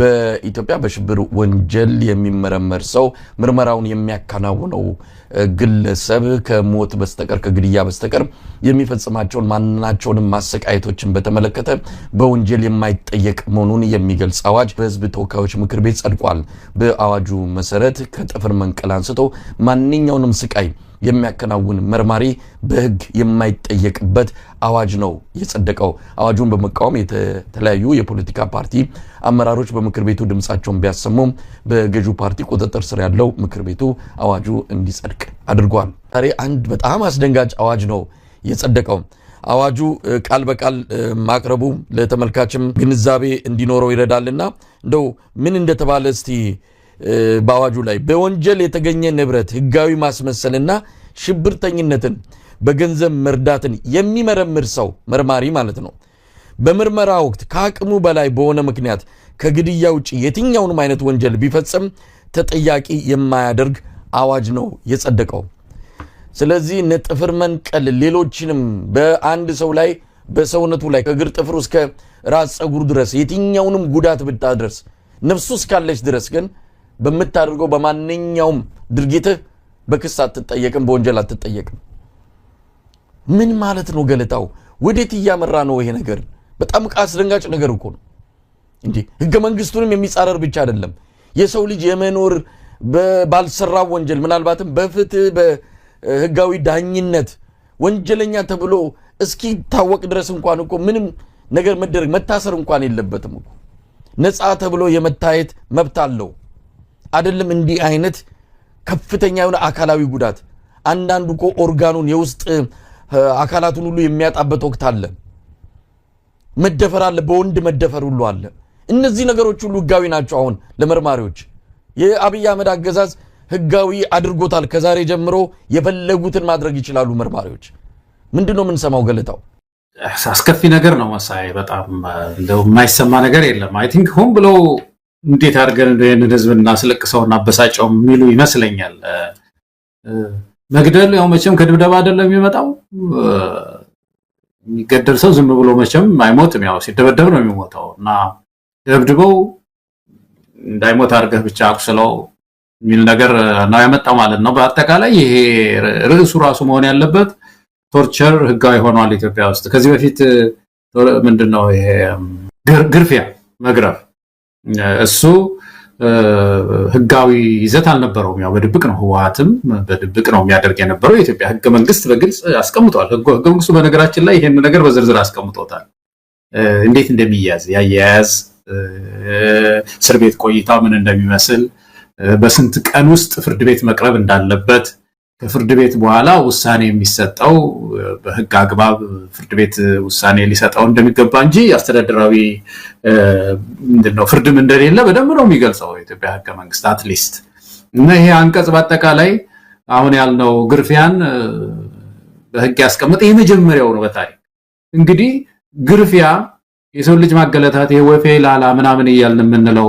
በኢትዮጵያ በሽብር ወንጀል የሚመረመር ሰው ምርመራውን የሚያከናውነው ግለሰብ ከሞት በስተቀር ከግድያ በስተቀር የሚፈጽማቸውን ማናቸውንም ማሰቃየቶችን በተመለከተ በወንጀል የማይጠየቅ መሆኑን የሚገልጽ አዋጅ በሕዝብ ተወካዮች ምክር ቤት ጸድቋል። በአዋጁ መሰረት ከጥፍር መንቀል አንስቶ ማንኛውንም ስቃይ የሚያከናውን መርማሪ በህግ የማይጠየቅበት አዋጅ ነው የጸደቀው። አዋጁን በመቃወም የተለያዩ የፖለቲካ ፓርቲ አመራሮች በምክር ቤቱ ድምፃቸውን ቢያሰሙም በገዢው ፓርቲ ቁጥጥር ስር ያለው ምክር ቤቱ አዋጁ እንዲጸድቅ አድርጓል። ዛሬ አንድ በጣም አስደንጋጭ አዋጅ ነው የጸደቀው። አዋጁ ቃል በቃል ማቅረቡ ለተመልካችም ግንዛቤ እንዲኖረው ይረዳልና እንደው ምን እንደተባለ እስቲ በአዋጁ ላይ በወንጀል የተገኘ ንብረት ህጋዊ ማስመሰልና ሽብርተኝነትን በገንዘብ መርዳትን የሚመረምር ሰው መርማሪ ማለት ነው። በምርመራ ወቅት ከአቅሙ በላይ በሆነ ምክንያት ከግድያ ውጭ የትኛውንም አይነት ወንጀል ቢፈጽም ተጠያቂ የማያደርግ አዋጅ ነው የጸደቀው። ስለዚህ እነ ጥፍር መንቀል፣ ሌሎችንም በአንድ ሰው ላይ በሰውነቱ ላይ ከእግር ጥፍር እስከ ራስ ፀጉር ድረስ የትኛውንም ጉዳት ብታደርስ ነፍሱ እስካለች ድረስ ግን በምታደርገው በማንኛውም ድርጊትህ በክስ አትጠየቅም፣ በወንጀል አትጠየቅም። ምን ማለት ነው ገለታው? ወዴት እያመራ ነው ይሄ ነገር? በጣም አስደንጋጭ ነገር እኮ ነው። እንዲህ ህገ መንግስቱንም የሚጻረር ብቻ አይደለም የሰው ልጅ የመኖር ባልሰራው ወንጀል ምናልባትም በፍትህ በህጋዊ ዳኝነት ወንጀለኛ ተብሎ እስኪታወቅ ድረስ እንኳን እኮ ምንም ነገር መደረግ መታሰር እንኳን የለበትም እኮ ነፃ ተብሎ የመታየት መብት አለው። አይደለም እንዲህ አይነት ከፍተኛ የሆነ አካላዊ ጉዳት። አንዳንዱ እኮ ኦርጋኑን የውስጥ አካላቱን ሁሉ የሚያጣበት ወቅት አለ። መደፈር አለ፣ በወንድ መደፈር ሁሉ አለ። እነዚህ ነገሮች ሁሉ ህጋዊ ናቸው። አሁን ለመርማሪዎች የአብይ አህመድ አገዛዝ ህጋዊ አድርጎታል። ከዛሬ ጀምሮ የፈለጉትን ማድረግ ይችላሉ መርማሪዎች። ምንድን ነው የምንሰማው ገለጣው አስከፊ ነገር ነው መሳይ። በጣም እንደው የማይሰማ ነገር የለም። አይ ቲንክ ሆን ብለው እንዴት አድርገን ይህንን ህዝብ እናስለቅሰው እናበሳጨው የሚሉ ይመስለኛል። መግደል ያው መቼም ከድብደባ አይደለም የሚመጣው። የሚገደል ሰው ዝም ብሎ መቼም አይሞትም። ያው ሲደበደብ ነው የሚሞተው እና ደብድበው እንዳይሞት አድርገህ ብቻ አቁስለው የሚል ነገር ነው ያመጣው ማለት ነው። በአጠቃላይ ይሄ ርዕሱ ራሱ መሆን ያለበት ቶርቸር ህጋዊ ሆኗል ኢትዮጵያ ውስጥ። ከዚህ በፊት ምንድን ነው ይሄ ግርፊያ፣ መግረፍ እሱ ህጋዊ ይዘት አልነበረውም። ያው በድብቅ ነው፣ ህወሓትም በድብቅ ነው የሚያደርግ የነበረው። የኢትዮጵያ ህገ መንግስት በግልጽ አስቀምጧል። ህገ መንግስቱ በነገራችን ላይ ይሄን ነገር በዝርዝር አስቀምጦታል። እንዴት እንደሚያዝ ያያያዝ፣ እስር ቤት ቆይታ ምን እንደሚመስል፣ በስንት ቀን ውስጥ ፍርድ ቤት መቅረብ እንዳለበት ከፍርድ ቤት በኋላ ውሳኔ የሚሰጠው በህግ አግባብ ፍርድ ቤት ውሳኔ ሊሰጠው እንደሚገባ እንጂ አስተዳደራዊ ምንድነው ፍርድም እንደሌለ በደንብ ነው የሚገልጸው የኢትዮጵያ ህገ መንግስት። አትሊስት እና ይሄ አንቀጽ በአጠቃላይ አሁን ያልነው ግርፊያን በህግ ያስቀምጠ የመጀመሪያው ነው በታሪክ እንግዲህ ግርፊያ የሰው ልጅ ማገለታት ይሄ ወፌ ላላ ምናምን እያልን የምንለው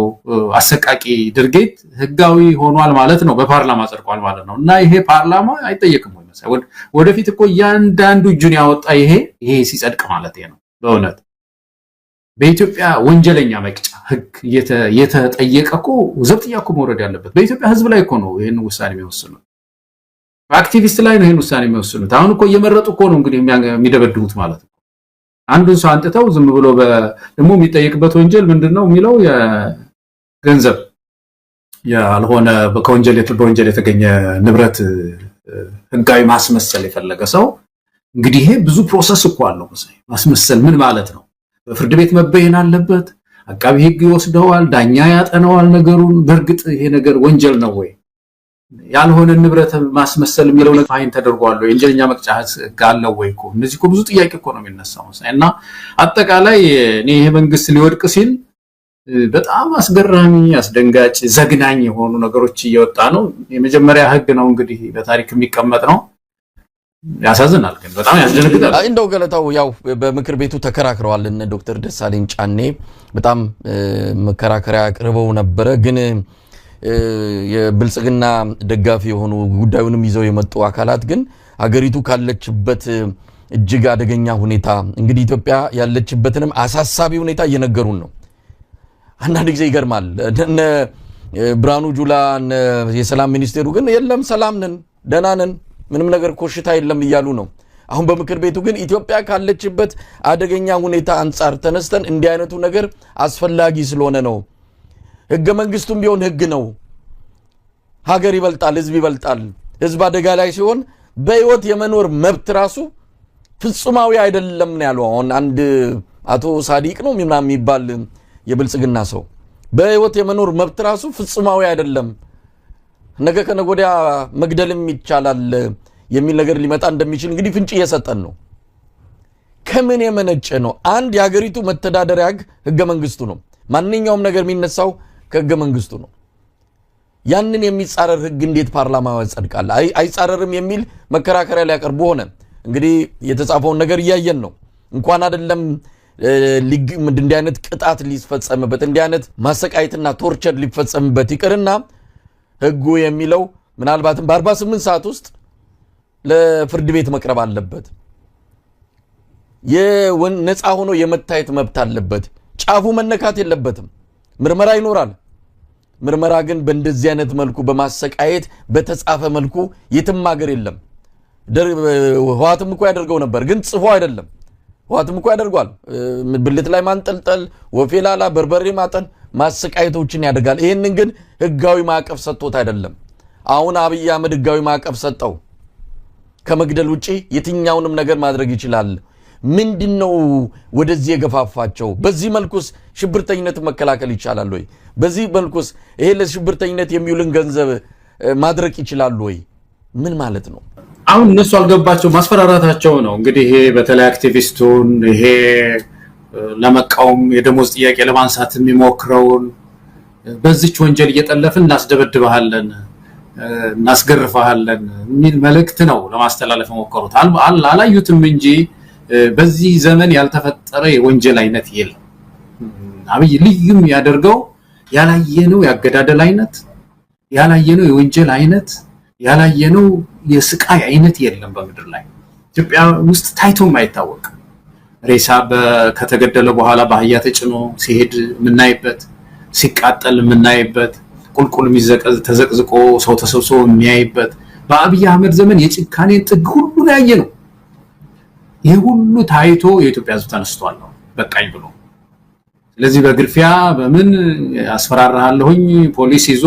አሰቃቂ ድርጊት ህጋዊ ሆኗል ማለት ነው፣ በፓርላማ ጸድቋል ማለት ነው። እና ይሄ ፓርላማ አይጠየቅም ወይ መሰለኝ። ወደፊት እኮ እያንዳንዱ እጁን ያወጣ ይሄ ይሄ ሲጸድቅ ማለት ነው። በእውነት በኢትዮጵያ ወንጀለኛ መቅጫ ህግ የተጠየቀ እኮ ዘብጥያ እኮ መውረድ ያለበት በኢትዮጵያ ህዝብ ላይ እኮ ነው። ይህን ውሳኔ የሚወስኑት በአክቲቪስት ላይ ነው። ይህን ውሳኔ የሚወስኑት አሁን እኮ እየመረጡ እኮ ነው እንግዲህ የሚደበድቡት ማለት ነው። አንዱን ሰው አንጥተው ዝም ብሎ ደግሞ የሚጠይቅበት ወንጀል ምንድነው የሚለው የገንዘብ ያልሆነ ከወንጀል በወንጀል የተገኘ ንብረት ህጋዊ ማስመሰል የፈለገ ሰው እንግዲህ ይሄ ብዙ ፕሮሰስ እኮ አለው። ማስመሰል ምን ማለት ነው? በፍርድ ቤት መበየን አለበት። አቃቢ ህግ ይወስደዋል፣ ዳኛ ያጠነዋል ነገሩን። በእርግጥ ይሄ ነገር ወንጀል ነው ወይ ያልሆነ ንብረት ማስመሰል የሚለው ፋይን ተደርጓል ወይ? መቅጫ ሕግ አለው ወይ? እነዚህ እኮ ብዙ ጥያቄ እኮ ነው የሚነሳው። እና አጠቃላይ እኔ ይሄ መንግስት ሊወድቅ ሲል በጣም አስገራሚ፣ አስደንጋጭ፣ ዘግናኝ የሆኑ ነገሮች እየወጣ ነው። የመጀመሪያ ሕግ ነው እንግዲህ በታሪክ የሚቀመጥ ነው። ያሳዝናል፣ ግን በጣም ያስደነግጣል። እንደው ገለታው ያው በምክር ቤቱ ተከራክረዋል እነ ዶክተር ደሳለኝ ጫኔ በጣም መከራከሪያ አቅርበው ነበረ ግን የብልጽግና ደጋፊ የሆኑ ጉዳዩንም ይዘው የመጡ አካላት ግን አገሪቱ ካለችበት እጅግ አደገኛ ሁኔታ እንግዲህ ኢትዮጵያ ያለችበትንም አሳሳቢ ሁኔታ እየነገሩን ነው። አንዳንድ ጊዜ ይገርማል። እነ ብርሃኑ ጁላ የሰላም ሚኒስቴሩ ግን የለም ሰላም ነን፣ ደህና ነን፣ ምንም ነገር ኮሽታ የለም እያሉ ነው። አሁን በምክር ቤቱ ግን ኢትዮጵያ ካለችበት አደገኛ ሁኔታ አንጻር ተነስተን እንዲህ አይነቱ ነገር አስፈላጊ ስለሆነ ነው ህገ መንግስቱም ቢሆን ህግ ነው። ሀገር ይበልጣል፣ ህዝብ ይበልጣል። ህዝብ አደጋ ላይ ሲሆን በህይወት የመኖር መብት ራሱ ፍጹማዊ አይደለም ነው ያለው። አሁን አንድ አቶ ሳዲቅ ነው ምናምን የሚባል የብልጽግና ሰው በህይወት የመኖር መብት ራሱ ፍጹማዊ አይደለም፣ ነገ ከነገ ወዲያ መግደልም ይቻላል የሚል ነገር ሊመጣ እንደሚችል እንግዲህ ፍንጭ እየሰጠን ነው። ከምን የመነጨ ነው? አንድ የሀገሪቱ መተዳደሪያ ህግ ህገ መንግስቱ ነው። ማንኛውም ነገር የሚነሳው ከህገ መንግስቱ ነው። ያንን የሚጻረር ህግ እንዴት ፓርላማ ያጸድቃል? አይጻረርም የሚል መከራከሪያ ሊያቀርቡ ሆነ። እንግዲህ የተጻፈውን ነገር እያየን ነው። እንኳን አይደለም እንዲህ አይነት ቅጣት ሊፈጸምበት እንዲህ አይነት ማሰቃየትና ቶርቸር ሊፈጸምበት ይቅርና ህጉ የሚለው ምናልባትም በ48 ሰዓት ውስጥ ለፍርድ ቤት መቅረብ አለበት፣ ነፃ ሆኖ የመታየት መብት አለበት፣ ጫፉ መነካት የለበትም። ምርመራ ይኖራል። ምርመራ ግን በእንደዚህ አይነት መልኩ በማሰቃየት በተጻፈ መልኩ የትም ሀገር የለም። ህዋትም እኮ ያደርገው ነበር፣ ግን ጽፎ አይደለም። ህዋትም እኮ ያደርጓል። ብልት ላይ ማንጠልጠል፣ ወፌላላ፣ በርበሬ ማጠን ማሰቃየቶችን ያደርጋል። ይህንን ግን ህጋዊ ማዕቀፍ ሰጥቶት አይደለም። አሁን አብይ አህመድ ህጋዊ ማዕቀፍ ሰጠው። ከመግደል ውጪ የትኛውንም ነገር ማድረግ ይችላል። ምንድን ነው ወደዚህ የገፋፋቸው? በዚህ መልኩስ ሽብርተኝነት መከላከል ይቻላል ወይ? በዚህ መልኩስ ይሄ ለሽብርተኝነት የሚውልን ገንዘብ ማድረቅ ይችላሉ ወይ? ምን ማለት ነው? አሁን እነሱ አልገባቸው ማስፈራራታቸው ነው እንግዲህ ይሄ በተለይ አክቲቪስቱን ይሄ ለመቃወም የደሞዝ ጥያቄ ለማንሳት የሚሞክረውን በዚች ወንጀል እየጠለፍን እናስደበድበሃለን፣ እናስገርፈሃለን የሚል መልእክት ነው ለማስተላለፍ የሞከሩት አላዩትም እንጂ በዚህ ዘመን ያልተፈጠረ የወንጀል አይነት የለም። አብይ ልዩም ያደርገው ያላየነው የአገዳደል አይነት፣ ያላየነው የወንጀል አይነት፣ ያላየነው የስቃይ አይነት የለም በምድር ላይ ኢትዮጵያ ውስጥ ታይቶም አይታወቅም። ሬሳ ከተገደለ በኋላ በአህያ ተጭኖ ሲሄድ የምናይበት፣ ሲቃጠል የምናይበት፣ ቁልቁል ተዘቅዝቆ ሰው ተሰብስቦ የሚያይበት በአብይ አህመድ ዘመን የጭካኔን ጥግ ሁሉ ያየ ነው። ይህ ሁሉ ታይቶ የኢትዮጵያ ህዝብ ተነስቷል ነው በቃኝ ብሎ። ስለዚህ በግርፊያ በምን አስፈራራሃለሁኝ ፖሊስ ይዞ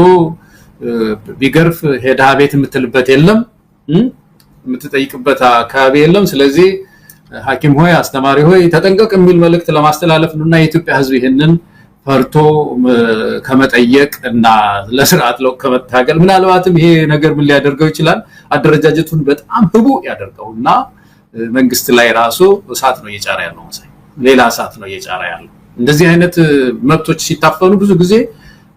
ቢገርፍ ሄዳ ቤት የምትልበት የለም፣ የምትጠይቅበት አካባቢ የለም። ስለዚህ ሀኪም ሆይ አስተማሪ ሆይ ተጠንቀቅ የሚል መልእክት ለማስተላለፍ ነው እና የኢትዮጵያ ህዝብ ይህንን ፈርቶ ከመጠየቅ እና ለስርዓት ለውጥ ከመታገል ምናልባትም ይሄ ነገር ምን ሊያደርገው ይችላል አደረጃጀቱን በጣም ህቡ ያደርገውና መንግስት ላይ ራሱ እሳት ነው እየጫረ ያለው መሳይ ሌላ እሳት ነው እየጫረ ያለው። እንደዚህ አይነት መብቶች ሲታፈኑ ብዙ ጊዜ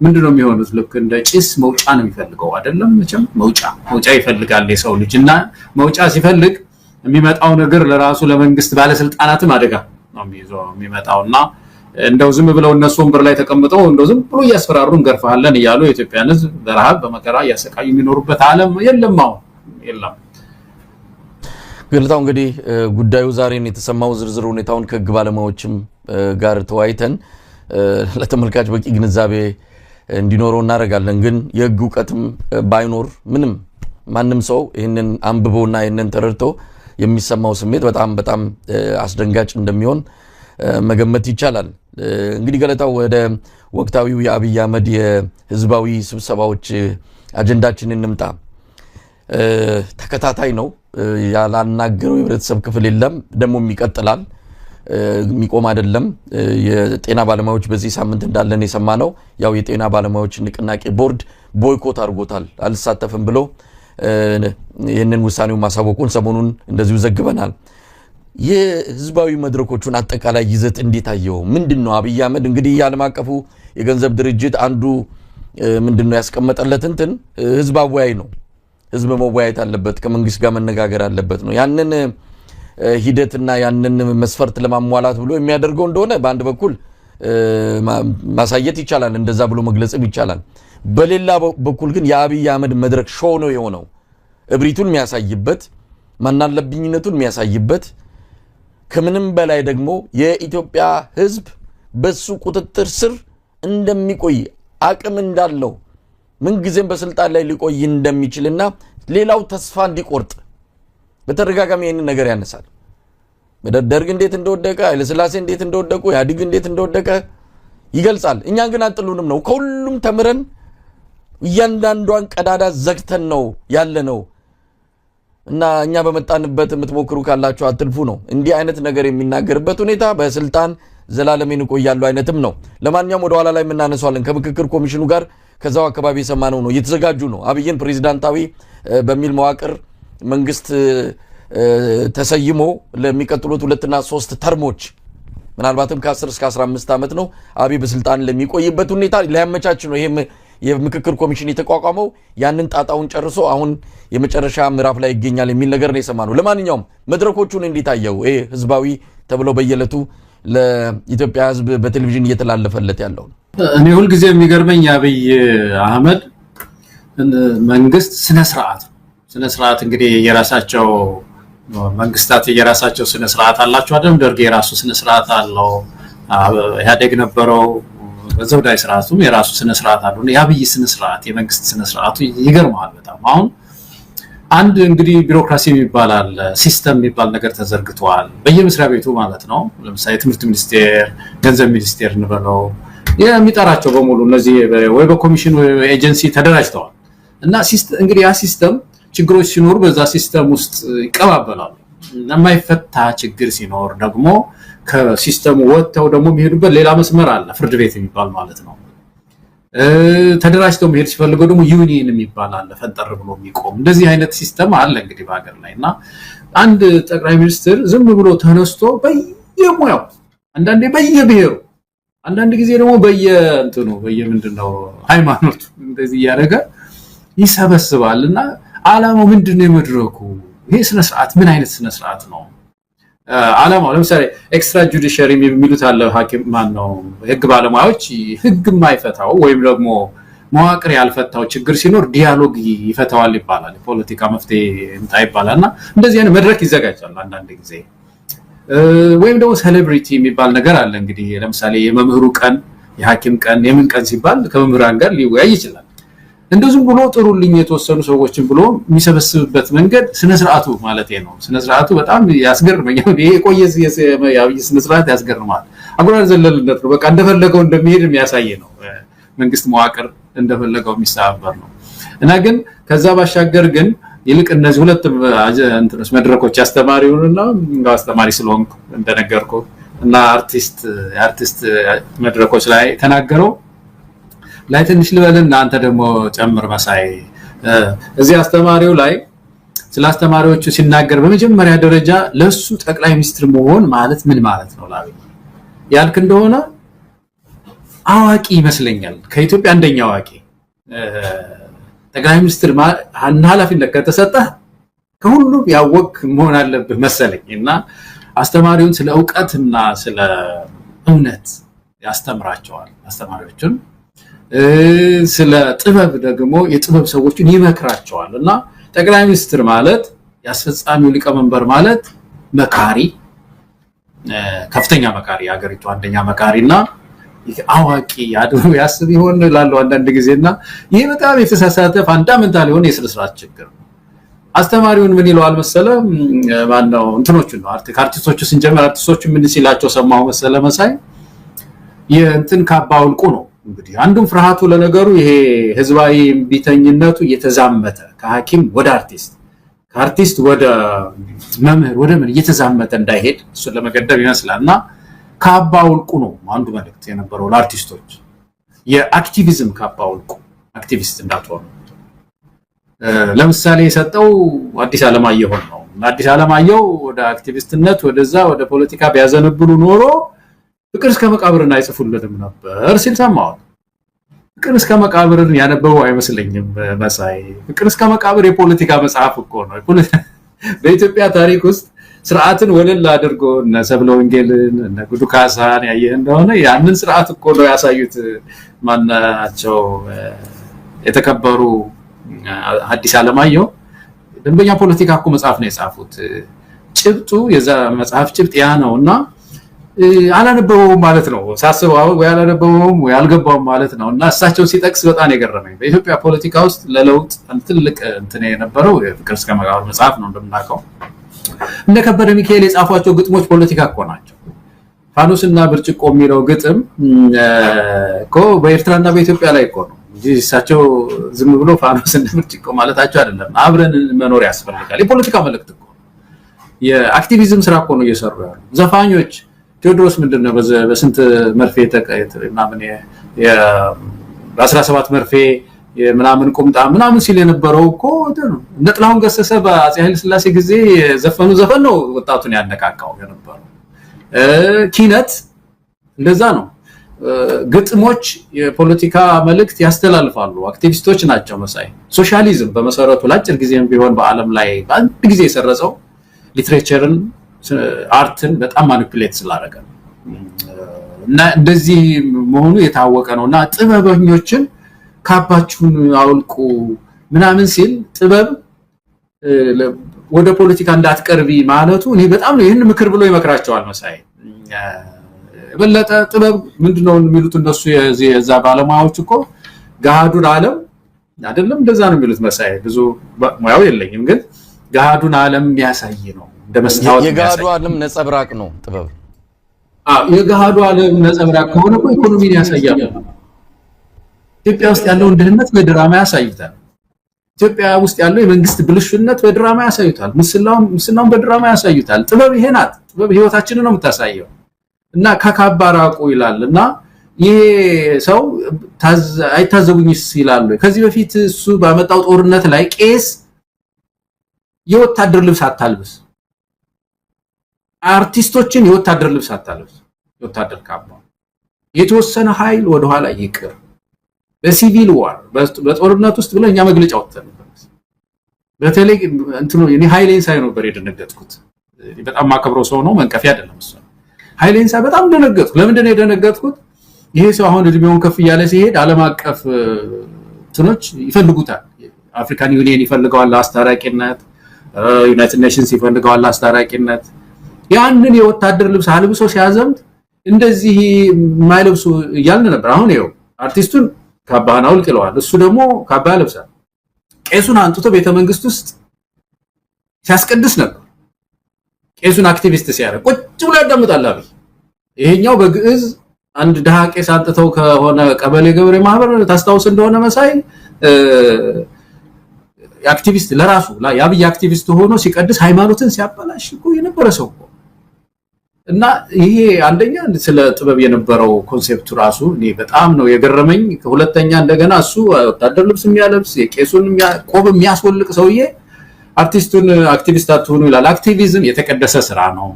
ምንድን ነው የሚሆኑት? ልክ እንደ ጭስ መውጫ ነው የሚፈልገው አይደለም? መቼም መውጫ መውጫ ይፈልጋል የሰው ልጅ እና መውጫ ሲፈልግ የሚመጣው ነገር ለራሱ ለመንግስት ባለስልጣናትም አደጋ ነው የሚመጣው እና እንደው ዝም ብለው እነሱ ወንበር ላይ ተቀምጠው እንደው ዝም ብሎ እያስፈራሩ እንገርፋለን እያሉ የኢትዮጵያን ህዝብ በረሃብ በመከራ እያሰቃዩ የሚኖሩበት አለም የለም። አሁን የለም። ገለታው እንግዲህ ጉዳዩ ዛሬን የተሰማው ዝርዝር ሁኔታውን ከህግ ባለሙያዎችም ጋር ተወያይተን ለተመልካች በቂ ግንዛቤ እንዲኖረው እናደርጋለን። ግን የህግ እውቀትም ባይኖር ምንም ማንም ሰው ይህንን አንብቦና ይህንን ተረድቶ የሚሰማው ስሜት በጣም በጣም አስደንጋጭ እንደሚሆን መገመት ይቻላል። እንግዲህ ገለታው ወደ ወቅታዊው የአብይ አህመድ የህዝባዊ ስብሰባዎች አጀንዳችን እንምጣ። ተከታታይ ነው ያላናገረው የህብረተሰብ ክፍል የለም። ደግሞም ይቀጥላል፣ የሚቆም አይደለም። የጤና ባለሙያዎች በዚህ ሳምንት እንዳለን የሰማ ነው። ያው የጤና ባለሙያዎች ንቅናቄ ቦርድ ቦይኮት አድርጎታል፣ አልሳተፍም ብሎ ይህንን ውሳኔውን ማሳወቁን ሰሞኑን እንደዚሁ ዘግበናል። የህዝባዊ መድረኮቹን አጠቃላይ ይዘት እንዴት አየው? ምንድን ነው አብይ አህመድ እንግዲህ የዓለም አቀፉ የገንዘብ ድርጅት አንዱ ምንድን ነው ያስቀመጠለት እንትን ህዝብ አወያይ ነው ህዝብ መወያየት አለበት፣ ከመንግስት ጋር መነጋገር አለበት ነው። ያንን ሂደትና ያንን መስፈርት ለማሟላት ብሎ የሚያደርገው እንደሆነ በአንድ በኩል ማሳየት ይቻላል፣ እንደዛ ብሎ መግለጽም ይቻላል። በሌላ በኩል ግን የአብይ አህመድ መድረክ ሾ ነው የሆነው። እብሪቱን የሚያሳይበት ማናለብኝነቱን የሚያሳይበት ከምንም በላይ ደግሞ የኢትዮጵያ ህዝብ በሱ ቁጥጥር ስር እንደሚቆይ አቅም እንዳለው ምንጊዜም በስልጣን ላይ ሊቆይ እንደሚችልና ሌላው ተስፋ እንዲቆርጥ በተደጋጋሚ ይህንን ነገር ያነሳል። ደርግ እንዴት እንደወደቀ፣ ኃይለስላሴ እንዴት እንደወደቁ፣ ኢህአዲግ እንዴት እንደወደቀ ይገልጻል። እኛን ግን አጥሉንም ነው ከሁሉም ተምረን እያንዳንዷን ቀዳዳ ዘግተን ነው ያለ ነው እና እኛ በመጣንበት የምትሞክሩ ካላችሁ አትልፉ ነው። እንዲህ አይነት ነገር የሚናገርበት ሁኔታ በስልጣን ዘላለም እቆያለሁ አይነትም ነው። ለማንኛውም ወደ ኋላ ላይ የምናነሷለን ከምክክር ኮሚሽኑ ጋር ከዛው አካባቢ የሰማነው ነው። እየተዘጋጁ ነው። አብይን ፕሬዚዳንታዊ በሚል መዋቅር መንግስት ተሰይሞ ለሚቀጥሉት ሁለትና ሶስት ተርሞች ምናልባትም ከ10 እስከ 15 ዓመት ነው አብይ በስልጣን ለሚቆይበት ሁኔታ ሊያመቻች ነው ይሄም የምክክር ኮሚሽን የተቋቋመው ያንን ጣጣውን ጨርሶ አሁን የመጨረሻ ምዕራፍ ላይ ይገኛል የሚል ነገር ነው የሰማነው። ለማንኛውም መድረኮቹን እንዲታየው ይሄ ህዝባዊ ተብለው በየዕለቱ ለኢትዮጵያ ሕዝብ በቴሌቪዥን እየተላለፈለት ያለው ነው። እኔ ሁልጊዜ የሚገርመኝ አብይ አህመድ መንግስት ስነስርዓት ስነስርዓት እንግዲህ የራሳቸው መንግስታት የራሳቸው ስነስርዓት አላቸው። አደም ደርግ የራሱ ስነስርዓት አለው። ኢህአዴግ ነበረው። በዘውዳዊ ስርዓቱም የራሱ ስነስርዓት አለው። የአብይ ስነስርዓት የመንግስት ስነስርዓቱ ይገርመዋል በጣም አሁን አንድ እንግዲህ ቢሮክራሲ የሚባል አለ፣ ሲስተም የሚባል ነገር ተዘርግቷል በየመስሪያ ቤቱ ማለት ነው። ለምሳሌ ትምህርት ሚኒስቴር፣ ገንዘብ ሚኒስቴር እንበለው የሚጠራቸው በሙሉ እነዚህ ወይ በኮሚሽን ኤጀንሲ ተደራጅተዋል እና እንግዲህ ያ ሲስተም ችግሮች ሲኖሩ በዛ ሲስተም ውስጥ ይቀባበላሉ። የማይፈታ ችግር ሲኖር ደግሞ ከሲስተሙ ወጥተው ደግሞ የሚሄዱበት ሌላ መስመር አለ፣ ፍርድ ቤት የሚባል ማለት ነው። ተደራጅተው መሄድ ሲፈልገው ደግሞ ዩኒየን የሚባል አለ፣ ፈንጠር ብሎ የሚቆም እንደዚህ አይነት ሲስተም አለ እንግዲህ በሀገር ላይ እና አንድ ጠቅላይ ሚኒስትር ዝም ብሎ ተነስቶ በየሙያው አንዳንዴ በየብሔሩ አንዳንድ ጊዜ ደግሞ በየእንትኑ በየምንድነው ሃይማኖቱ እንደዚህ እያደረገ ይሰበስባል እና አላማው ምንድነው? የመድረኩ ይሄ ስነስርዓት ምን አይነት ስነስርዓት ነው? አላማው ለምሳሌ ኤክስትራ ጁዲሽሪ የሚሉት አለ ሐኪም ማን ነው ህግ ባለሙያዎች ህግ የማይፈታው ወይም ደግሞ መዋቅር ያልፈታው ችግር ሲኖር ዲያሎግ ይፈታዋል ይባላል። የፖለቲካ መፍትሄ እንጣ ይባላል እና እንደዚህ አይነት መድረክ ይዘጋጃል አንዳንድ ጊዜ ወይም ደግሞ ሴሌብሪቲ የሚባል ነገር አለ። እንግዲህ ለምሳሌ የመምህሩ ቀን፣ የሐኪም ቀን፣ የምን ቀን ሲባል ከመምህራን ጋር ሊወያይ ይችላል። እንደ ዝም ብሎ ጥሩልኝ የተወሰኑ ሰዎችን ብሎ የሚሰበስብበት መንገድ ስነ ማለት ነው። ስነ በጣም ያስገርመኛል። ይሄ የቆየ ስነ ስርዓት ያስገርማል። አጉራን ዘለልነት ነው። በቃ እንደፈለገው እንደሚሄድ የሚያሳይ ነው። መንግስት መዋቅር እንደፈለገው የሚሰባበር ነው እና ግን ከዛ ባሻገር ግን ይልቅ እነዚህ ሁለት እንትኖች መድረኮች አስተማሪውንና እንደው አስተማሪ ስለሆንኩ እንደነገርኩ እና አርቲስት አርቲስት መድረኮች ላይ ተናገረው ላይ ትንሽ ልበልን ለአንተ ደግሞ ጨምር መሳይ። እዚህ አስተማሪው ላይ ስለ አስተማሪዎቹ ሲናገር በመጀመሪያ ደረጃ ለሱ ጠቅላይ ሚኒስትር መሆን ማለት ምን ማለት ነው ላ ያልክ እንደሆነ አዋቂ ይመስለኛል። ከኢትዮጵያ አንደኛ አዋቂ ጠቅላይ ሚኒስትር ኃላፊነት ከተሰጠህ ከሁሉም ያወቅ መሆን አለብህ መሰለኝ እና አስተማሪውን ስለ እውቀትና ስለ እውነት ያስተምራቸዋል አስተማሪዎቹን ስለ ጥበብ ደግሞ የጥበብ ሰዎችን ይመክራቸዋል እና ጠቅላይ ሚኒስትር ማለት የአስፈጻሚው ሊቀመንበር ማለት መካሪ፣ ከፍተኛ መካሪ፣ የሀገሪቱ አንደኛ መካሪ እና አዋቂ አድሮ ያስብ ይሆን ላለው አንዳንድ ጊዜ እና ይህ በጣም የተሳሳተ ፋንዳመንታል የሆነ የስነስርዓት ችግር ነው። አስተማሪውን ምን ይለዋል መሰለ ማነው እንትኖቹን ነው ከአርቲስቶቹ ስንጀምር አርቲስቶቹ ምን ሲላቸው ሰማሁ መሰለ መሳይ የእንትን ካባ አውልቁ ነው እንግዲህ አንዱም ፍርሃቱ ለነገሩ ይሄ ህዝባዊ ቢተኝነቱ እየተዛመተ ከሐኪም ወደ አርቲስት ከአርቲስት ወደ መምህር ወደ ምን እየተዛመተ እንዳይሄድ እሱን ለመገደብ ይመስላል እና ካባ ውልቁ ነው አንዱ መልእክት የነበረው ለአርቲስቶች የአክቲቪዝም ካባ ውልቁ አክቲቪስት እንዳትሆኑ። ለምሳሌ የሰጠው አዲስ አለማየሁ ነው። አዲስ አለማየሁ ወደ አክቲቪስትነት ወደዛ ወደ ፖለቲካ ቢያዘነብሉ ኖሮ ፍቅር እስከ መቃብርን አይጽፉለትም ነበር ሲል ሰማሁት። ፍቅር እስከ መቃብርን ያነበበው አይመስለኝም መሳይ። ፍቅር እስከ መቃብር የፖለቲካ መጽሐፍ እኮ ነው። በኢትዮጵያ ታሪክ ውስጥ ስርዓትን ወለል አድርጎ እነ ሰብለ ወንጌልን እነ ጉዱ ካሳን ያየህ እንደሆነ ያንን ስርዓት እኮ ነው ያሳዩት። ማናቸው የተከበሩ ሐዲስ ዓለማየሁ ደንበኛ ፖለቲካ እኮ መጽሐፍ ነው የጻፉት። ጭብጡ የዛ መጽሐፍ ጭብጥ ያ ነው እና አላነበበውም ማለት ነው። ሳስበው ወይ አላነበበውም ወይ አልገባውም ማለት ነው። እና እሳቸውን ሲጠቅስ በጣም የገረመኝ በኢትዮጵያ ፖለቲካ ውስጥ ለለውጥ ትልቅ እንትን የነበረው ፍቅር እስከ መቃብር መጽሐፍ ነው እንደምናውቀው። እንደ ከበደ ሚካኤል የጻፏቸው ግጥሞች ፖለቲካ እኮ ናቸው። ፋኖስ እና ብርጭቆ የሚለው ግጥም እኮ በኤርትራና በኢትዮጵያ ላይ እኮ ነው እንጂ እሳቸው ዝም ብሎ ፋኖስ እና ብርጭቆ ማለታቸው አይደለም። አብረን መኖር ያስፈልጋል። የፖለቲካ መልእክት እኮ የአክቲቪዝም ስራ እኮ ነው እየሰሩ ያሉ ዘፋኞች ቴዎድሮስ ምንድን ነው በስንት መርፌ ምናምን በአስራ ሰባት መርፌ ምናምን ቁምጣ ምናምን ሲል የነበረው እኮ እነ ጥላሁን ገሰሰ በአፄ ኃይለ ስላሴ ጊዜ ዘፈኑ ዘፈን ነው ወጣቱን ያነቃቃው የነበረው። ኪነት እንደዛ ነው። ግጥሞች የፖለቲካ መልእክት ያስተላልፋሉ። አክቲቪስቶች ናቸው መሳይ። ሶሻሊዝም በመሰረቱ ለአጭር ጊዜም ቢሆን በዓለም ላይ በአንድ ጊዜ የሰረጸው ሊትሬቸርን አርትን በጣም ማኒፕሌት ስላደረገ ነው። እና እንደዚህ መሆኑ የታወቀ ነው። እና ጥበበኞችን ካባችሁን አውልቁ ምናምን ሲል ጥበብ ወደ ፖለቲካ እንዳትቀርቢ ማለቱ እኔ በጣም ነው ይህን ምክር ብሎ ይመክራቸዋል መሳይ የበለጠ ጥበብ ምንድነው የሚሉት እነሱ የዛ ባለሙያዎች እኮ ገሃዱን አለም አይደለም እንደዛ ነው የሚሉት መሳይ ብዙ ሙያው የለኝም ግን ገሃዱን አለም የሚያሳይ ነው እንደ መስታወት የገሃዱ ዓለም ነጸብራቅ ነው ጥበብ። የገሃዱ ዓለም ነጸብራቅ ከሆነ እኮ ኢኮኖሚን ያሳያል። ኢትዮጵያ ውስጥ ያለውን ድህነት በድራማ ያሳዩታል። ኢትዮጵያ ውስጥ ያለው የመንግስት ብልሹነት በድራማ ያሳዩታል። ሙስናውን በድራማ ያሳዩታል። ጥበብ ይሄ ናት። ጥበብ ህይወታችንን ነው የምታሳየው። እና ከካባ ራቁ ይላል እና ይሄ ሰው አይታዘቡኝስ ይላሉ። ከዚህ በፊት እሱ ባመጣው ጦርነት ላይ ቄስ የወታደር ልብስ አታልብስ አርቲስቶችን የወታደር ልብስ አታለብስ፣ የወታደር ካባ። የተወሰነ ኃይል ወደኋላ ይቅር። በሲቪል ዋር በጦርነት ውስጥ ብለን እኛ መግለጫ ወጥተን በተለይ እንትኑ እኔ ኃይሌን ሳይ ነበር የደነገጥኩት። በጣም ማከብረው ሰው ነው፣ መንቀፊያ አይደለም እሱ። ኃይሌን ሳይ በጣም ደነገጥኩ። ለምንድን ነው የደነገጥኩት? ይሄ ሰው አሁን እድሜውን ከፍ እያለ ሲሄድ ዓለም አቀፍ እንትኖች ይፈልጉታል። አፍሪካን ዩኒየን ይፈልገዋል ለአስታራቂነት፣ ዩናይትድ ኔሽንስ ይፈልገዋል ለአስታራቂነት ያንን የወታደር ልብስ አልብሶ ሲያዘምት እንደዚህ የማይለብሱ እያልን ነበር። አሁን ይኸው አርቲስቱን ካባህን አውልቅ ይለዋል። እሱ ደግሞ ካባ ያለብሳል። ቄሱን አንጥቶ ቤተመንግስት ውስጥ ሲያስቀድስ ነበር። ቄሱን አክቲቪስት ሲያደርግ ቁጭ ብሎ ያዳምጣል። አብይ ይሄኛው በግዕዝ አንድ ድሃ ቄስ አንጥተው ከሆነ ቀበሌ ገበሬ ማህበር ታስታውስ እንደሆነ መሳይ አክቲቪስት ለራሱ የአብይ አክቲቪስት ሆኖ ሲቀድስ ሃይማኖትን ሲያበላሽ እኮ የነበረ ሰው እና ይሄ አንደኛ ስለ ጥበብ የነበረው ኮንሴፕቱ ራሱ እኔ በጣም ነው የገረመኝ። ሁለተኛ እንደገና እሱ ወታደር ልብስ የሚያለብስ የቄሱን ቆብ የሚያስወልቅ ሰውዬ አርቲስቱን አክቲቪስት አትሆኑ ይላል። አክቲቪዝም የተቀደሰ ስራ ነው።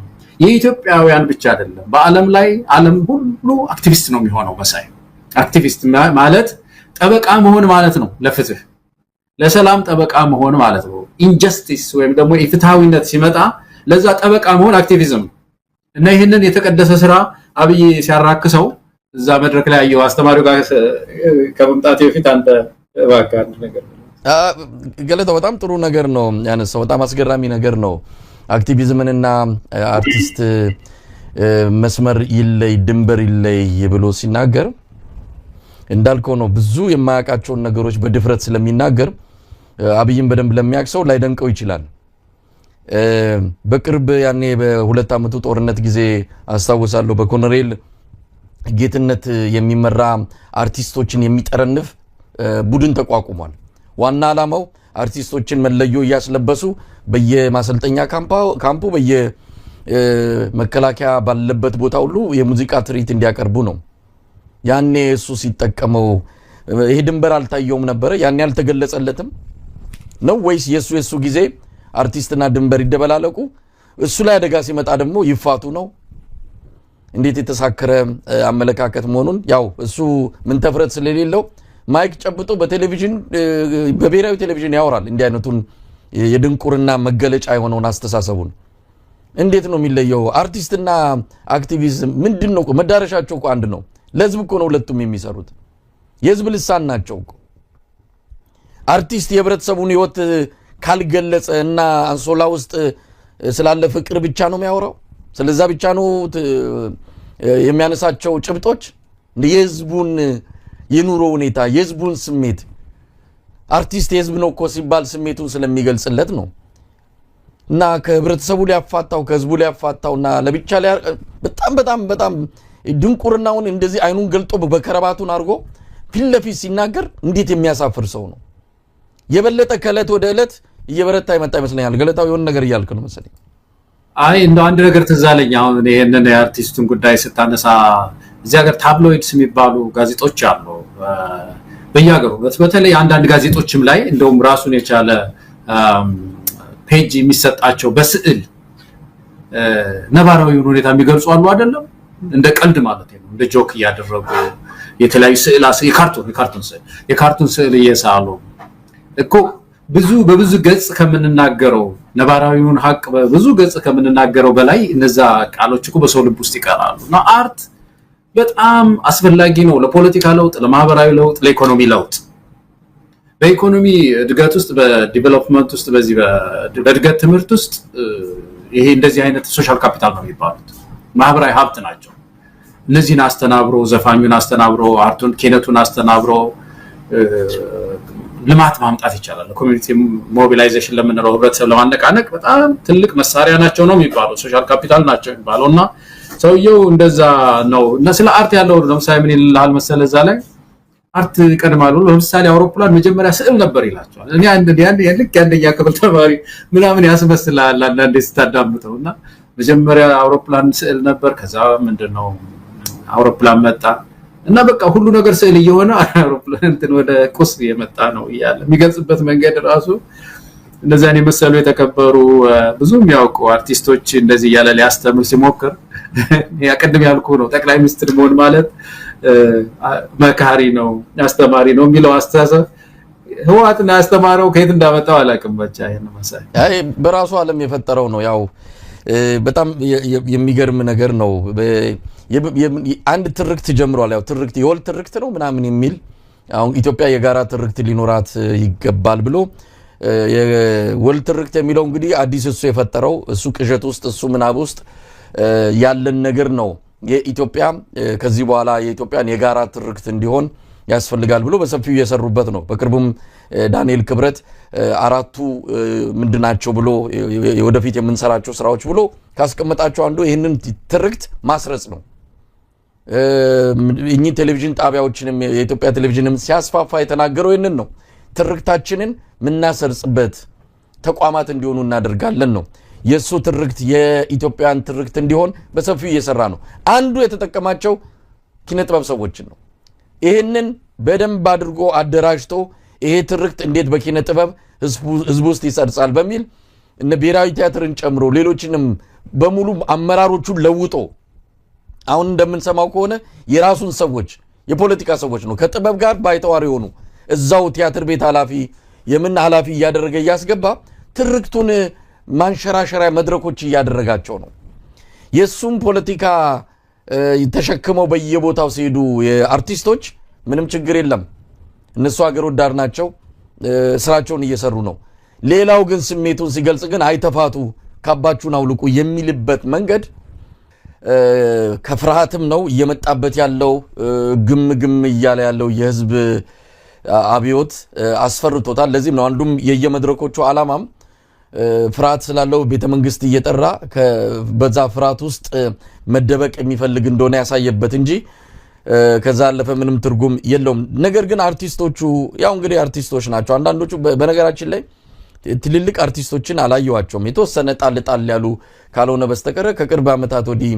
የኢትዮጵያውያን ብቻ አይደለም። በዓለም ላይ ዓለም ሁሉ አክቲቪስት ነው የሚሆነው። መሳይ አክቲቪስት ማለት ጠበቃ መሆን ማለት ነው። ለፍትህ ለሰላም ጠበቃ መሆን ማለት ነው። ኢንጀስቲስ ወይም ደግሞ የፍትሃዊነት ሲመጣ ለዛ ጠበቃ መሆን አክቲቪዝም እና ይህንን የተቀደሰ ስራ አብይ ሲያራክሰው እዛ መድረክ ላይ ያየው አስተማሪው ጋር ከመምጣቴ በፊት አንተ እባክህ አንድ ነገር ገለታው። በጣም ጥሩ ነገር ነው ያነሳው። በጣም አስገራሚ ነገር ነው። አክቲቪዝምንና አርቲስት መስመር ይለይ፣ ድንበር ይለይ ብሎ ሲናገር እንዳልከው ነው። ብዙ የማያውቃቸውን ነገሮች በድፍረት ስለሚናገር አብይም በደንብ ለሚያውቅ ሰው ላይደንቀው ይችላል። በቅርብ ያኔ በሁለት ዓመቱ ጦርነት ጊዜ አስታውሳለሁ በኮሎኔል ጌትነት የሚመራ አርቲስቶችን የሚጠረንፍ ቡድን ተቋቁሟል። ዋና ዓላማው አርቲስቶችን መለዮ እያስለበሱ በየማሰልጠኛ ካምፑ በየመከላከያ ባለበት ቦታ ሁሉ የሙዚቃ ትርኢት እንዲያቀርቡ ነው። ያኔ እሱ ሲጠቀመው ይሄ ድንበር አልታየውም ነበረ። ያኔ አልተገለጸለትም ነው ወይስ የእሱ የእሱ ጊዜ አርቲስትና ድንበር ይደበላለቁ። እሱ ላይ አደጋ ሲመጣ ደግሞ ይፋቱ ነው። እንዴት የተሳከረ አመለካከት መሆኑን ያው እሱ ምን ተፍረት ስለሌለው ማይክ ጨብጦ በቴሌቪዥን በብሔራዊ ቴሌቪዥን ያወራል። እንዲህ አይነቱን የድንቁርና መገለጫ የሆነውን አስተሳሰቡን እንዴት ነው የሚለየው? አርቲስትና አክቲቪዝም ምንድን ነው? መዳረሻቸው እኮ አንድ ነው። ለህዝብ እኮ ነው ሁለቱም የሚሰሩት። የህዝብ ልሳን ናቸው እኮ አርቲስት የህብረተሰቡን ህይወት ካልገለጸ እና አንሶላ ውስጥ ስላለ ፍቅር ብቻ ነው የሚያወራው፣ ስለዛ ብቻ ነው የሚያነሳቸው ጭብጦች የህዝቡን የኑሮ ሁኔታ የህዝቡን ስሜት አርቲስት የህዝብ ነው እኮ ሲባል ስሜቱን ስለሚገልጽለት ነው። እና ከህብረተሰቡ ሊያፋታው ከህዝቡ ሊያፋታው እና ለብቻ በጣም በጣም በጣም ድንቁርናውን እንደዚህ አይኑን ገልጦ በከረባቱን አድርጎ ፊት ለፊት ሲናገር እንዴት የሚያሳፍር ሰው ነው! የበለጠ ከእለት ወደ እለት እየበረታ ይመጣ ይመስለኛል። ገለታው የሆነ ነገር እያልክ ነው መሰለኝ። አይ እንደ አንድ ነገር ትዝ አለኝ። አሁን ይህንን የአርቲስቱን ጉዳይ ስታነሳ እዚህ ሀገር ታብሎይድስ የሚባሉ ጋዜጦች አሉ በየሀገሩ በተለይ አንዳንድ ጋዜጦችም ላይ እንደውም ራሱን የቻለ ፔጅ የሚሰጣቸው በስዕል ነባራዊውን ሁኔታ የሚገልጹ አሉ። አይደለም እንደ ቀልድ ማለት ነው፣ እንደ ጆክ እያደረጉ የተለያዩ ስዕል የካርቱን ስዕል የካርቱን ስዕል እየሳሉ እኮ ብዙ በብዙ ገጽ ከምንናገረው ነባራዊውን ሀቅ በብዙ ገጽ ከምንናገረው በላይ እነዛ ቃሎች እኮ በሰው ልብ ውስጥ ይቀራሉ። እና አርት በጣም አስፈላጊ ነው ለፖለቲካ ለውጥ፣ ለማህበራዊ ለውጥ፣ ለኢኮኖሚ ለውጥ በኢኮኖሚ እድገት ውስጥ በዲቨሎፕመንት ውስጥ በዚህ በእድገት ትምህርት ውስጥ ይሄ እንደዚህ አይነት ሶሻል ካፒታል ነው የሚባሉት ማህበራዊ ሀብት ናቸው። እነዚህን አስተናብሮ ዘፋኙን አስተናብሮ አርቱን ኬነቱን አስተናብሮ ልማት ማምጣት ይቻላል። ኮሚኒቲ ሞቢላይዜሽን ለምንለው ህብረተሰብ ለማነቃነቅ በጣም ትልቅ መሳሪያ ናቸው ነው የሚባለው፣ ሶሻል ካፒታል ናቸው የሚባለው እና ሰውየው እንደዛ ነው እና ስለ አርት ያለው ለምሳሌ ምን ይልሃል መሰለህ እዛ ላይ አርት ቀድማሉ። ለምሳሌ አውሮፕላን መጀመሪያ ስዕል ነበር ይላቸዋል። እኔ አንድ ያን ልክ የአንደኛ ክፍል ተማሪ ምናምን ያስመስላል አንዳንዴ ስታዳምጠው እና መጀመሪያ አውሮፕላን ስዕል ነበር። ከዛ ምንድን ነው አውሮፕላን መጣ እና በቃ ሁሉ ነገር ስዕል እየሆነ አውሮፕላን እንትን ወደ ቁስ የመጣ ነው እያለ የሚገልጽበት መንገድ ራሱ እንደዚያን የመሰሉ የተከበሩ ብዙ የሚያውቁ አርቲስቶች እንደዚህ እያለ ሊያስተምር ሲሞክር ቅድም ያልኩ ነው። ጠቅላይ ሚኒስትር መሆን ማለት መካሪ ነው፣ አስተማሪ ነው የሚለው አስተሳሰብ ህወሓትን ያስተማረው ከየት እንዳመጣው አላውቅም። ብቻ ይህን መሳይ በራሱ ዓለም የፈጠረው ነው ያው በጣም የሚገርም ነገር ነው። አንድ ትርክት ጀምሯል። ያው ትርክት የወል ትርክት ነው ምናምን የሚል አሁን ኢትዮጵያ የጋራ ትርክት ሊኖራት ይገባል ብሎ የወል ትርክት የሚለው እንግዲህ አዲስ እሱ የፈጠረው እሱ ቅዠት ውስጥ እሱ ምናብ ውስጥ ያለን ነገር ነው። የኢትዮጵያ ከዚህ በኋላ የኢትዮጵያን የጋራ ትርክት እንዲሆን ያስፈልጋል ብሎ በሰፊው እየሰሩበት ነው። በቅርቡም ዳንኤል ክብረት አራቱ ምንድናቸው ብሎ ወደፊት የምንሰራቸው ስራዎች ብሎ ካስቀመጣቸው አንዱ ይህንን ትርክት ማስረጽ ነው። እኚህ ቴሌቪዥን ጣቢያዎችንም የኢትዮጵያ ቴሌቪዥንም ሲያስፋፋ የተናገረው ይህንን ነው። ትርክታችንን የምናሰርጽበት ተቋማት እንዲሆኑ እናደርጋለን ነው የእሱ ትርክት የኢትዮጵያን ትርክት እንዲሆን በሰፊው እየሰራ ነው። አንዱ የተጠቀማቸው ኪነጥበብ ሰዎችን ነው። ይህንን በደንብ አድርጎ አደራጅቶ ይሄ ትርክት እንዴት በኪነ ጥበብ ህዝብ ውስጥ ይሰርጻል በሚል እነ ብሔራዊ ቲያትርን ጨምሮ ሌሎችንም በሙሉ አመራሮቹን ለውጦ አሁን እንደምንሰማው ከሆነ የራሱን ሰዎች የፖለቲካ ሰዎች ነው ከጥበብ ጋር ባይተዋር የሆኑ እዛው ቲያትር ቤት ኃላፊ የምን ኃላፊ እያደረገ እያስገባ ትርክቱን ማንሸራሸሪያ መድረኮች እያደረጋቸው ነው። የእሱም ፖለቲካ ተሸክመው በየቦታው ሲሄዱ አርቲስቶች ምንም ችግር የለም። እነሱ ሀገር ወዳድ ናቸው፣ ስራቸውን እየሰሩ ነው። ሌላው ግን ስሜቱን ሲገልጽ ግን አይተፋቱ፣ ካባችሁን አውልቁ የሚልበት መንገድ ከፍርሃትም ነው እየመጣበት ያለው ግም ግም እያለ ያለው የህዝብ አብዮት አስፈርቶታል። ለዚህም ነው አንዱም የየመድረኮቹ አላማም ፍርሃት ስላለው ቤተ መንግስት እየጠራ በዛ ፍርሃት ውስጥ መደበቅ የሚፈልግ እንደሆነ ያሳየበት እንጂ ከዛ ያለፈ ምንም ትርጉም የለውም። ነገር ግን አርቲስቶቹ ያው እንግዲህ አርቲስቶች ናቸው። አንዳንዶቹ በነገራችን ላይ ትልልቅ አርቲስቶችን አላየዋቸውም። የተወሰነ ጣል ጣል ያሉ ካልሆነ በስተቀረ ከቅርብ ዓመታት ወዲህ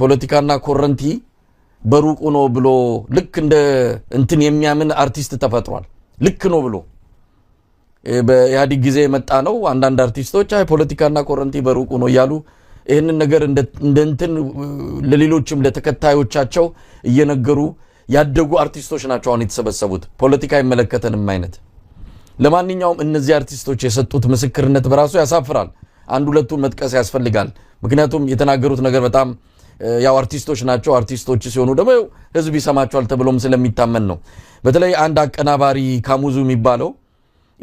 ፖለቲካና ኮረንቲ በሩቁ ነው ብሎ ልክ እንደ እንትን የሚያምን አርቲስት ተፈጥሯል። ልክ ነው ብሎ በኢህአዲግ ጊዜ የመጣ ነው። አንዳንድ አርቲስቶች አይ ፖለቲካና ኮረንቲ በሩቁ ነው እያሉ ይህንን ነገር እንደ ለሌሎችም ለተከታዮቻቸው እየነገሩ ያደጉ አርቲስቶች ናቸው አሁን የተሰበሰቡት። ፖለቲካ አይመለከተንም አይነት። ለማንኛውም እነዚህ አርቲስቶች የሰጡት ምስክርነት በራሱ ያሳፍራል። አንድ ሁለቱን መጥቀስ ያስፈልጋል። ምክንያቱም የተናገሩት ነገር በጣም ያው አርቲስቶች ናቸው። አርቲስቶች ሲሆኑ ደግሞ ህዝብ ይሰማቸዋል ተብሎም ስለሚታመን ነው። በተለይ አንድ አቀናባሪ ካሙዙ የሚባለው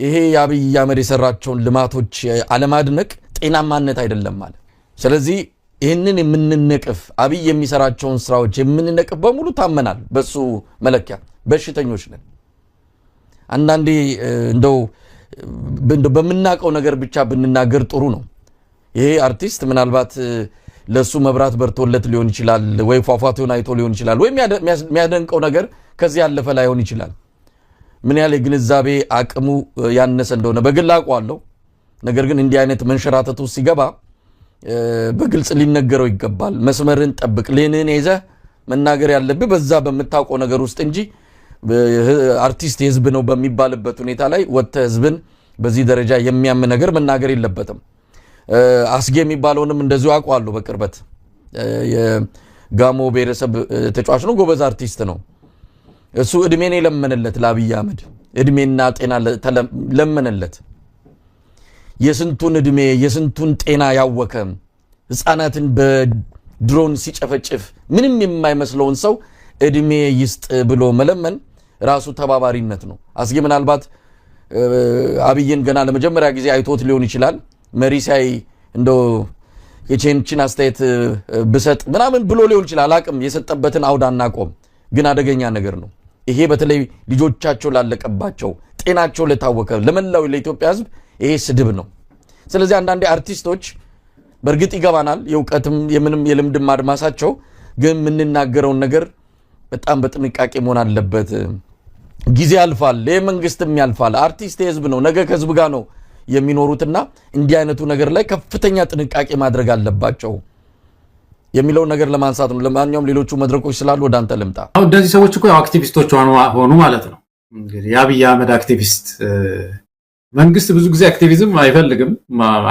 ይሄ የአብይ አህመድ የሰራቸውን ልማቶች አለማድነቅ ጤናማነት አይደለም ማለት። ስለዚህ ይህንን የምንነቅፍ አብይ የሚሰራቸውን ስራዎች የምንነቅፍ በሙሉ ታመናል፣ በሱ መለኪያ በሽተኞች ነን። አንዳንዴ እንደው በምናውቀው ነገር ብቻ ብንናገር ጥሩ ነው። ይሄ አርቲስት ምናልባት ለእሱ መብራት በርቶለት ሊሆን ይችላል፣ ወይ ፏፏቴውን አይቶ ሊሆን ይችላል፣ ወይ የሚያደንቀው ነገር ከዚህ ያለፈ ላይሆን ይችላል። ምን ያህል የግንዛቤ አቅሙ ያነሰ እንደሆነ በግል አውቀዋለሁ። ነገር ግን እንዲህ አይነት መንሸራተቱ ሲገባ በግልጽ ሊነገረው ይገባል። መስመርን ጠብቅ፣ ሌንህን ይዘህ መናገር ያለብህ በዛ በምታውቀው ነገር ውስጥ እንጂ አርቲስት የህዝብ ነው በሚባልበት ሁኔታ ላይ ወጥተህ ህዝብን በዚህ ደረጃ የሚያም ነገር መናገር የለበትም። አስጌ የሚባለውንም እንደዚሁ አውቀዋለሁ በቅርበት የጋሞ ብሔረሰብ ተጫዋች ነው፣ ጎበዝ አርቲስት ነው። እሱ እድሜን የለመነለት ለአብይ አህመድ እድሜና ጤና ለመነለት። የስንቱን እድሜ የስንቱን ጤና ያወከ ህፃናትን በድሮን ሲጨፈጭፍ ምንም የማይመስለውን ሰው እድሜ ይስጥ ብሎ መለመን ራሱ ተባባሪነት ነው። አስጌ ምናልባት አብይን ገና ለመጀመሪያ ጊዜ አይቶት ሊሆን ይችላል። መሪ ሲያይ እንደ የቼንችን አስተያየት ብሰጥ ምናምን ብሎ ሊሆን ይችላል። አቅም የሰጠበትን አውዳ አናቆም፣ ግን አደገኛ ነገር ነው። ይሄ በተለይ ልጆቻቸው ላለቀባቸው፣ ጤናቸው ለታወቀ ለመላው ለኢትዮጵያ ሕዝብ ይሄ ስድብ ነው። ስለዚህ አንዳንዴ አርቲስቶች በእርግጥ ይገባናል፣ የእውቀትም የምንም የልምድም አድማሳቸው ግን የምንናገረውን ነገር በጣም በጥንቃቄ መሆን አለበት። ጊዜ ያልፋል፣ ይህ መንግስትም ያልፋል። አርቲስት የህዝብ ነው፣ ነገ ከህዝብ ጋር ነው የሚኖሩትና እንዲህ አይነቱ ነገር ላይ ከፍተኛ ጥንቃቄ ማድረግ አለባቸው። የሚለውን ነገር ለማንሳት ነው። ለማንኛውም ሌሎቹ መድረኮች ስላሉ ወደ አንተ ልምጣ። አሁን እነዚህ ሰዎች እኮ አክቲቪስቶች ሆኑ ማለት ነው። እንግዲህ የአብይ አህመድ አክቲቪስት መንግስት ብዙ ጊዜ አክቲቪዝም አይፈልግም፣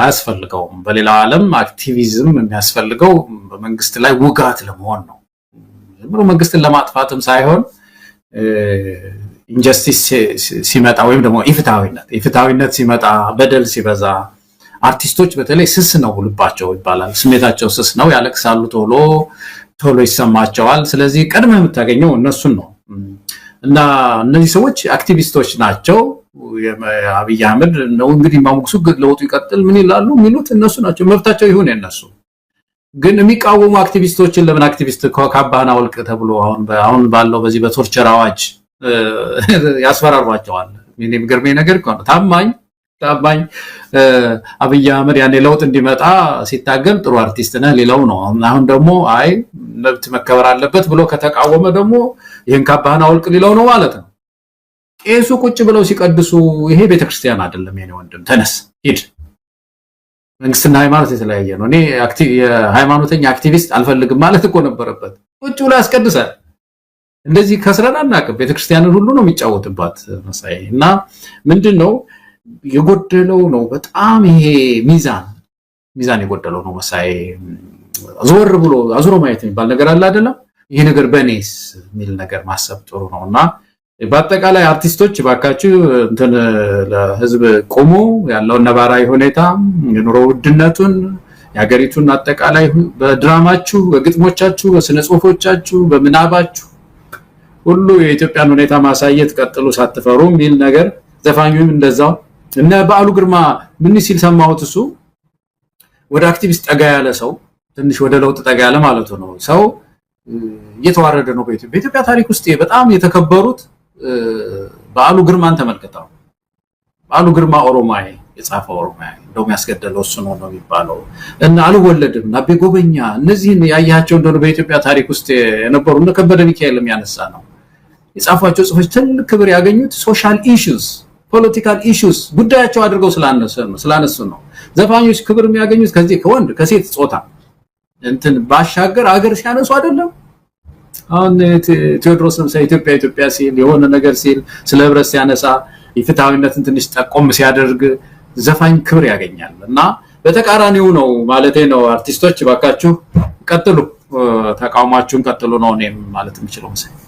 አያስፈልገውም። በሌላው ዓለም አክቲቪዝም የሚያስፈልገው በመንግስት ላይ ውጋት ለመሆን ነው። ዝም መንግስትን ለማጥፋትም ሳይሆን ኢንጀስቲስ ሲመጣ ወይም ደግሞ ኢፍትሐዊነት ኢፍትሐዊነት ሲመጣ፣ በደል ሲበዛ አርቲስቶች በተለይ ስስ ነው ልባቸው ይባላል። ስሜታቸው ስስ ነው፣ ያለቅሳሉ፣ ቶሎ ቶሎ ይሰማቸዋል። ስለዚህ ቀድመ የምታገኘው እነሱን ነው እና እነዚህ ሰዎች አክቲቪስቶች ናቸው። አብይ አህመድ ነው እንግዲህ ማሞግሱ ለውጡ ይቀጥል ምን ይላሉ የሚሉት እነሱ ናቸው። መብታቸው ይሁን የነሱ ግን የሚቃወሙ አክቲቪስቶችን ለምን አክቲቪስት ከአባህን አውልቅ ተብሎ አሁን ባለው በዚህ በቶርቸር አዋጅ ያስፈራሯቸዋል። የሚገርመኝ ነገር ታማኝ አባኝ አብይ አህመድ ያኔ ለውጥ እንዲመጣ ሲታገል ጥሩ አርቲስት ነህ ሌላው ነው። አሁን ደግሞ አይ መብት መከበር አለበት ብሎ ከተቃወመ ደግሞ ይህን ካባህን አውልቅ ሊለው ነው ማለት ነው። ቄሱ ቁጭ ብለው ሲቀድሱ ይሄ ቤተክርስቲያን አይደለም። የኔ ወንድም ተነስ ሂድ። መንግስትና ሃይማኖት የተለያየ ነው። እኔ የሃይማኖተኛ አክቲቪስት አልፈልግም ማለት እኮ ነበረበት። ቁጭ ብሎ ያስቀድሳል። እንደዚህ ከስረን አናውቅም። ቤተክርስቲያንን ሁሉ ነው የሚጫወትባት መሳይ እና ምንድን ነው የጎደለው ነው። በጣም ይሄ ሚዛን ሚዛን የጎደለው ነው። መሳይ ዞር ብሎ አዙሮ ማየት የሚባል ነገር አለ አይደለም? ይሄ ነገር በእኔስ የሚል ነገር ማሰብ ጥሩ ነው እና በአጠቃላይ አርቲስቶች ባካችሁ እንትን ለህዝብ ቆሙ ያለውን ነባራዊ ሁኔታ የኑሮ ውድነቱን የሀገሪቱን አጠቃላይ በድራማችሁ፣ በግጥሞቻችሁ፣ በስነ ጽሁፎቻችሁ፣ በምናባችሁ ሁሉ የኢትዮጵያን ሁኔታ ማሳየት ቀጥሉ ሳትፈሩ የሚል ነገር ዘፋኙም እንደዛው እነ በዓሉ ግርማ ምን ሲል ሰማሁት? እሱ ወደ አክቲቪስት ጠጋ ያለ ሰው ትንሽ ወደ ለውጥ ጠጋ ያለ ማለቱ ነው። ሰው እየተዋረደ ነው በኢትዮጵያ። በኢትዮጵያ ታሪክ ውስጥ በጣም የተከበሩት በዓሉ ግርማን ተመልክተው በዓሉ ግርማ ኦሮማይ የጻፈ ኦሮማይ እንደውም ያስገደለው እሱ ነው ነው የሚባለው እና አልወለድም አቤ ጎበኛ እነዚህን ያያቸው እንደሆነ በኢትዮጵያ ታሪክ ውስጥ የነበሩ እነ ከበደ ሚካኤልም ያነሳ ነው የጻፏቸው ጽሁፎች ትልቅ ክብር ያገኙት ሶሻል ኢሹስ ፖለቲካል ኢሹስ ጉዳያቸው አድርገው ስላነሱ ነው። ዘፋኞች ክብር የሚያገኙት ከዚህ ከወንድ ከሴት ጾታ እንትን ባሻገር አገር ሲያነሱ አይደለም። አሁን ቴዎድሮስ ለምሳሌ ኢትዮጵያ ኢትዮጵያ ሲል የሆነ ነገር ሲል ስለ ህብረት ሲያነሳ የፍትሐዊነትን ትንሽ ጠቆም ሲያደርግ ዘፋኝ ክብር ያገኛል እና በተቃራኒው ነው ማለቴ ነው። አርቲስቶች እባካችሁ ቀጥሉ፣ ተቃውሟችሁን ቀጥሉ ነው እኔም ማለት የምችለው።